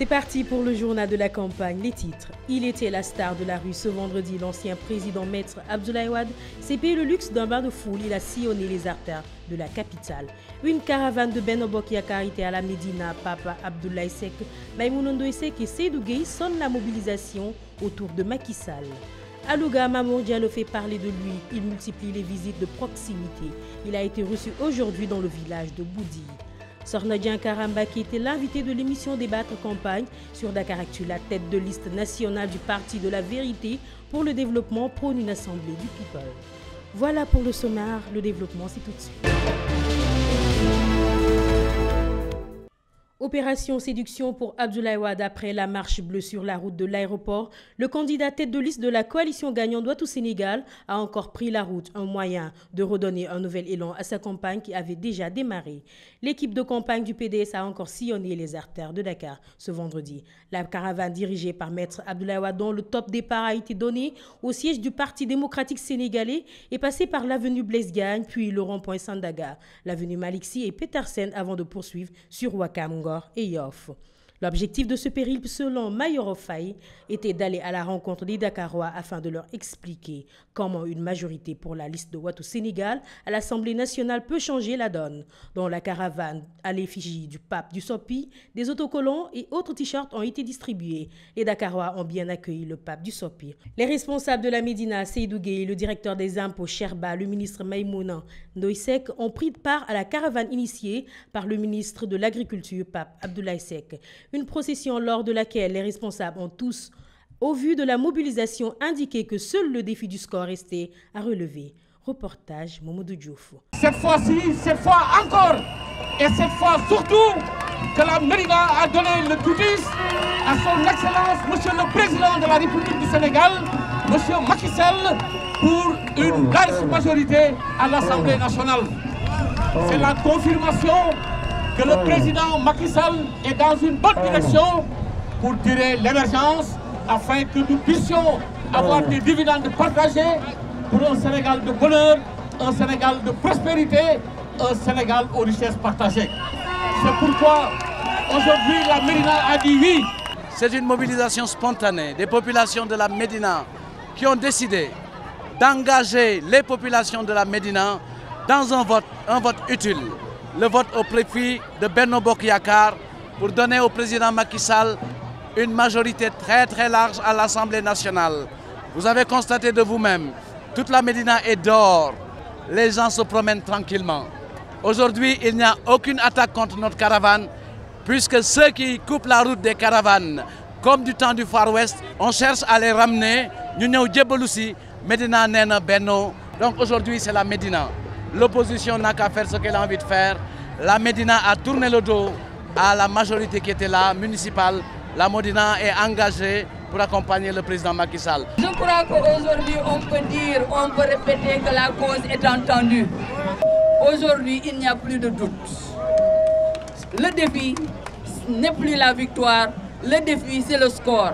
C'est parti pour le journal de la campagne. Les titres. Il était la star de la rue ce vendredi. L'ancien président maître Abdoulaye Wad. s'est payé le luxe d'un bain de foule. Il a sillonné les artères de la capitale. Une caravane de Benobok a était à la Médina. Papa Abdoulaye Sek, Maïmounondo Sek et Seydou Gueye sonnent la mobilisation autour de Makissal. Sall. Alouga le le fait parler de lui. Il multiplie les visites de proximité. Il a été reçu aujourd'hui dans le village de Boudi. Sornadien Karamba, qui était l'invité de l'émission Débattre Campagne sur Dakaractu, la tête de liste nationale du Parti de la Vérité pour le développement prône une assemblée du people. Voilà pour le sommaire, le développement c'est tout de suite. Opération séduction pour Abdoulaye Wade après la marche bleue sur la route de l'aéroport. Le candidat tête de liste de la coalition gagnant doit au Sénégal a encore pris la route, un moyen de redonner un nouvel élan à sa campagne qui avait déjà démarré. L'équipe de campagne du PDS a encore sillonné les artères de Dakar ce vendredi. La caravane dirigée par Maître Abdoulaye Wade dont le top départ a été donné au siège du Parti démocratique sénégalais est passée par l'avenue Blaise Gagne puis le rond-point Sandaga, l'avenue Malixi et Petersen avant de poursuivre sur Wakamgo. encore et off. L'objectif de ce périple, selon Mayor était d'aller à la rencontre des Dakarois afin de leur expliquer comment une majorité pour la liste de Ouattou Sénégal à l'Assemblée nationale peut changer la donne, Dans la caravane à l'effigie du pape du Sopi, des autocollants et autres t-shirts ont été distribués. Les Dakarois ont bien accueilli le pape du Sopi. Les responsables de la Médina, Seydou le directeur des impôts Sherba, le ministre Maïmouna Noïsek ont pris part à la caravane initiée par le ministre de l'Agriculture, pape Abdoulaye Sek. Une procession lors de laquelle les responsables ont tous, au vu de la mobilisation, indiqué que seul le défi du score restait à relever. Reportage Momodou Diouf. Cette fois-ci, cette fois encore, et cette fois surtout, que la Mérida a donné le toutis à son Excellence, Monsieur le Président de la République du Sénégal, Monsieur Macky pour une large majorité à l'Assemblée nationale. C'est la confirmation que le président Macky Sall est dans une bonne direction pour tirer l'émergence afin que nous puissions avoir des dividendes partagés pour un Sénégal de bonheur, un Sénégal de prospérité, un Sénégal aux richesses partagées. C'est pourquoi aujourd'hui la Médina a dit oui. C'est une mobilisation spontanée des populations de la Médina qui ont décidé d'engager les populations de la Médina dans un vote, un vote utile le vote au profit de Benno Bokyakar pour donner au président Macky Sall une majorité très très large à l'Assemblée nationale. Vous avez constaté de vous-même, toute la Médina est dehors. Les gens se promènent tranquillement. Aujourd'hui, il n'y a aucune attaque contre notre caravane, puisque ceux qui coupent la route des caravanes, comme du temps du Far West, on cherche à les ramener. Nous sommes djebelousi, Médina Nena Benno. Donc aujourd'hui, c'est la Médina. L'opposition n'a qu'à faire ce qu'elle a envie de faire. La Médina a tourné le dos à la majorité qui était là, municipale. La Médina est engagée pour accompagner le président Macky Sall. Je crois qu'aujourd'hui, on peut dire, on peut répéter que la cause est entendue. Aujourd'hui, il n'y a plus de doute. Le défi n'est plus la victoire, le défi, c'est le score.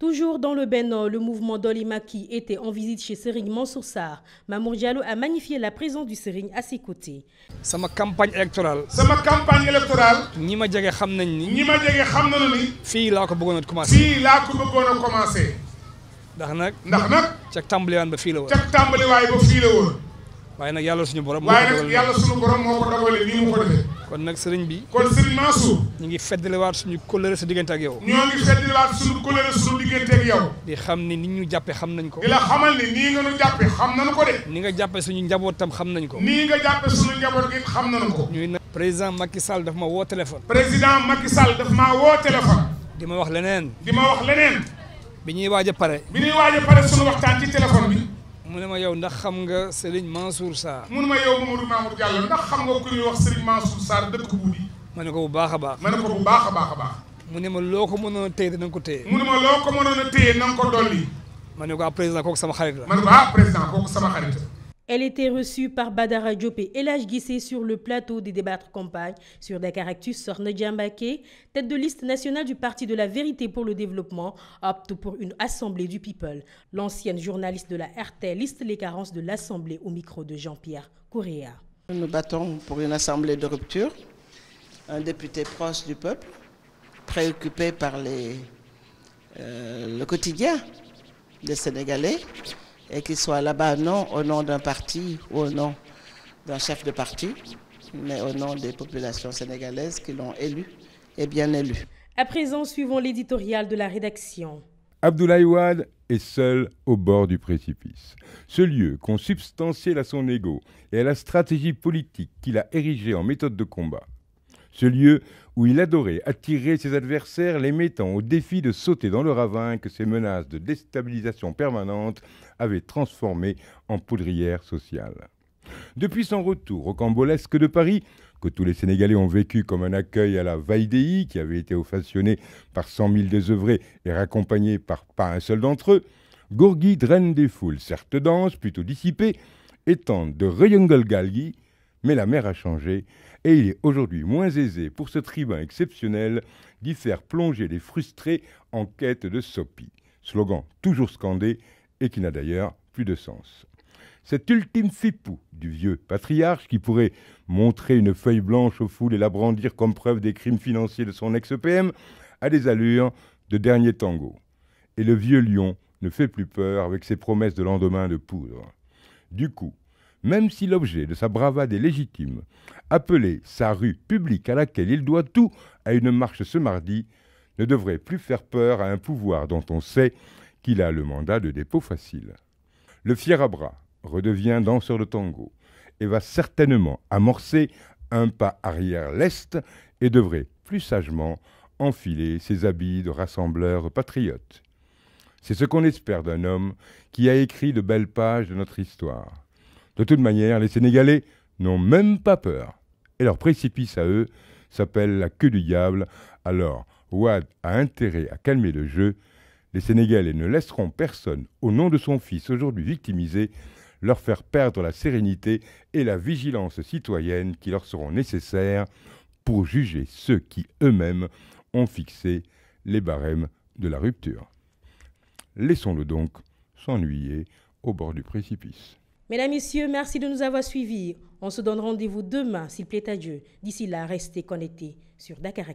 Toujours dans le Bénin, le mouvement Dolimaki était en visite chez Sering Mansoursar. Mamour Diallo a magnifié la présence du Sering à ses côtés. sama campagne électorale. sama campagne électorale. ñi ma jege xam nañ ni. ñi ma jege xam nañu ni. fii laa ko bëggoon a commencé. fii laa ko bëggoon a commencé. ndax commencer. ndax n'ak. ca tàmbaliwaay ba fii la woon. ca tàmbaliwaay ba fii la woon. waaye nag yàlla suñu borom. moo ko dogalee suñu borom moo ko dogalee mu ko kon nag sëriñ bi kon sëriñ Mansour ñu ngi feddaliwaat suñu kóllëre sa diggante ak yow ñoo ngi feddaliwaat suñu kóllëre suñu diggante ak yow di xam ni ni ñu jàppe xam nañ ko di la xamal ni nii ko de ni nga jàppe suñu njaboot tam xam nañ ko nii nga jàppe suñu njaboot gi xam nañu ko ñuy nag président Macky Sall daf ma woo téléphone président makki Sall daf maa woo téléphone di ma wax leneen di ma wax leneen bi ñuy waaj a pare bi ñuy waaj pare suñu waxtaan ci téléphone bi mu ne ma yow ndax xam nga Serigne Mansour Sarr mu ne ma yow Mamadou Mamour Diallo ndax xam nga ku yoo wax Serigne Mansour Sarr dëkk ma ne ko bu baax a baax ma ne ko bu baax a baax a baax mu ne ma loo ko mënoon a téye dinañ ko téye mu ne ma loo ko mënoon a téye na nga ko dolli ma ne ko ah président kooku sama xarit la ma ne ko ah président kooku sama xarit la Elle était reçue par Badara Diopé et l'âge Guissé sur le plateau des débats de campagne sur Dakaractus Sorne Djambake, tête de liste nationale du Parti de la Vérité pour le Développement, opte pour une assemblée du People. L'ancienne journaliste de la RT liste les carences de l'assemblée au micro de Jean-Pierre Correa. Nous battons pour une assemblée de rupture, un député proche du peuple, préoccupé par euh, le quotidien des Sénégalais, et qu'il soit là-bas, non au nom d'un parti ou au nom d'un chef de parti, mais au nom des populations sénégalaises qui l'ont élu et bien élu. À présent, suivons l'éditorial de la rédaction. Abdoulaye Ouad est seul au bord du précipice. Ce lieu, consubstantiel à son ego et à la stratégie politique qu'il a érigée en méthode de combat, ce lieu où il adorait attirer ses adversaires, les mettant au défi de sauter dans le ravin que ses menaces de déstabilisation permanente avaient transformé en poudrière sociale. Depuis son retour au cambolesque de Paris, que tous les Sénégalais ont vécu comme un accueil à la Vaïdéi, qui avait été ovationné par cent mille désœuvrés et raccompagné par pas un seul d'entre eux, Gourgui draine des foules, certes denses, plutôt dissipées, étant de Galgi, mais la mer a changé et il est aujourd'hui moins aisé pour ce tribun exceptionnel d'y faire plonger les frustrés en quête de Sopi, slogan toujours scandé et qui n'a d'ailleurs plus de sens. Cet ultime fipou du vieux patriarche qui pourrait montrer une feuille blanche aux foules et la brandir comme preuve des crimes financiers de son ex-PM a des allures de dernier tango. Et le vieux lion ne fait plus peur avec ses promesses de lendemain de poudre. Du coup, même si l'objet de sa bravade est légitime, appeler sa rue publique à laquelle il doit tout à une marche ce mardi ne devrait plus faire peur à un pouvoir dont on sait qu'il a le mandat de dépôt facile. Le fier à bras redevient danseur de tango et va certainement amorcer un pas arrière l'Est et devrait plus sagement enfiler ses habits de rassembleur patriote. C'est ce qu'on espère d'un homme qui a écrit de belles pages de notre histoire. De toute manière, les Sénégalais n'ont même pas peur. Et leur précipice à eux s'appelle la queue du diable. Alors, Ouad a intérêt à calmer le jeu. Les Sénégalais ne laisseront personne, au nom de son fils aujourd'hui victimisé, leur faire perdre la sérénité et la vigilance citoyenne qui leur seront nécessaires pour juger ceux qui eux-mêmes ont fixé les barèmes de la rupture. Laissons-le donc s'ennuyer au bord du précipice. Mesdames, Messieurs, merci de nous avoir suivis. On se donne rendez-vous demain, s'il plaît à Dieu. D'ici là, restez connectés sur Dakar